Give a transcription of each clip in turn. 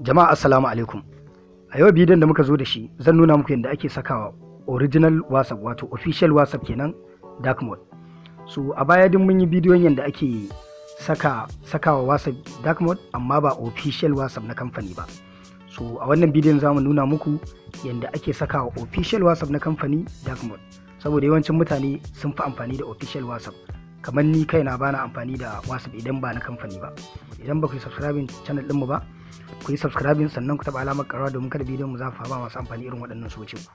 Jama'a assalamu alaikum. A yau bidiyon da muka zo da shi zan nuna muku yadda ake sakawa original WhatsApp wato official WhatsApp kenan dark mode. So a baya din mun yi bidiyon yadda ake saka sakawa WhatsApp dark mode amma ba official WhatsApp na kamfani ba. So a wannan bidiyon za mu nuna muku yadda ake sakawa official WhatsApp na kamfani dark mode. Saboda yawancin mutane sun fi amfani da official WhatsApp. kamar ni kai na bana amfani da whatsapp idan ba na kamfani ba idan ba ku yi subscribing channel ɗinmu ba ku yi subscribing sannan ku taɓa alamar ƙararwa domin kada bidiyon mu za fa ba masu amfani irin waɗannan su wuce ku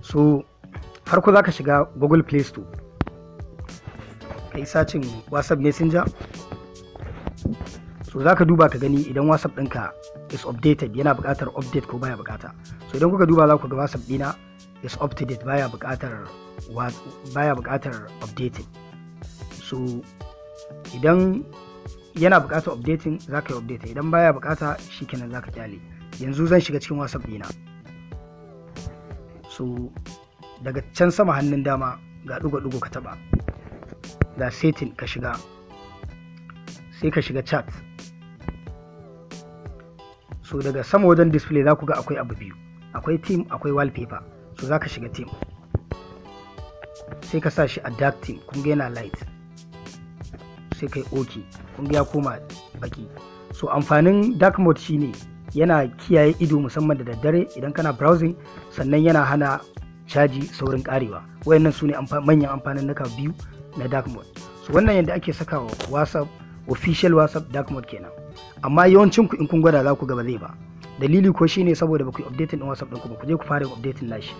so farko za ka shiga google play store ka yi sacin whatsapp messenger so za ka duba ka gani idan whatsapp ɗinka is updated yana buƙatar update ko baya buƙata so idan kuka duba za ku ga whatsapp ɗina is up to date baya buƙatar baya buƙatar updating so idan yana buƙatar updating za ka yi update idan baya buƙata shikenan za ka kyale yanzu zan shiga cikin whatsapp ɗina so daga can sama hannun dama ga ɗigo-ɗigo ka taɓa Da setting ka shiga sai ka shiga chat so daga sama wajen display za ku ga akwai abu biyu akwai team akwai wallpaper so za ka shiga team sai ka sa shi a dark team kun yana light sai kai ok kun ya koma baki so amfanin dark mode shine yana kiyaye ido musamman da daddare idan kana browsing sannan yana hana caji saurin karewa wayannan su ne manyan amfanin naka biyu na dark mode so wannan yadda ake saka wa whatsapp official whatsapp dark mode kenan amma yawancin ku in kun gwada za ku ga gaba zai ba dalili ko shine saboda ba ku updating din whatsapp ɗinku ba ku je ku fara yin updating nashi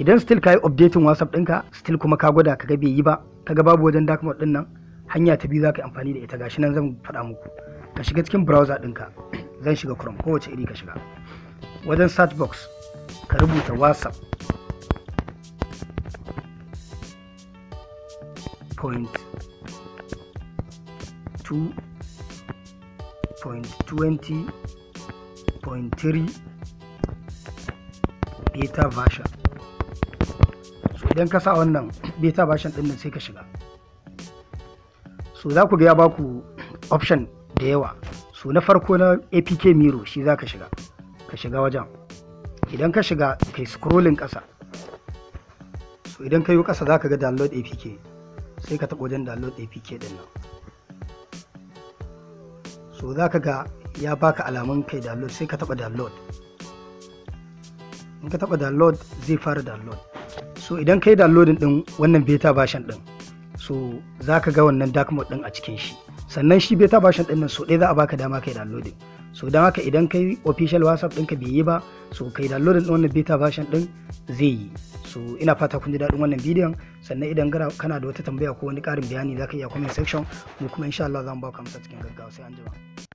idan still ka yi updating whatsapp ɗinka still kuma ka gwada kaga bai yi ba kaga babu wajen dark mode ɗin nan hanya ta biyu za ka yi amfani da ita gashi nan zan faɗa muku ka shiga cikin browser ɗinka zan shiga chrome kowace iri ka shiga wajen search box ka rubuta whatsapp 2.20.3 beta version so idan ka sa wannan beta version din nan sai ka shiga so za ku ga ya baku option da yawa so na farko na apk miro shi za ka shiga ka shiga wajen idan ka shiga kai scrolling ƙasa so idan ka yi ƙasa za ka ga download apk sai ka taɓa wajen download apk din nan so za ka ga ya baka alamun kai download sai ka taɓa download in ka taɓa download zai fara download so idan ka yi downloading din wannan beta version din so za ka ga wannan dark mode din a cikin shi sannan shi beta version din nan so ɗaya za a baka dama kai downloading so don haka idan kai official whatsapp din ka yi ba so kai downloading din wannan beta version din zai yi so ina fata kun ji daɗin wannan bidiyon sannan idan kana da wata tambaya ko wani karin bayani za ka iya comment section mu kuma insha Allah za mu baka amsa cikin gaggawa sai an jima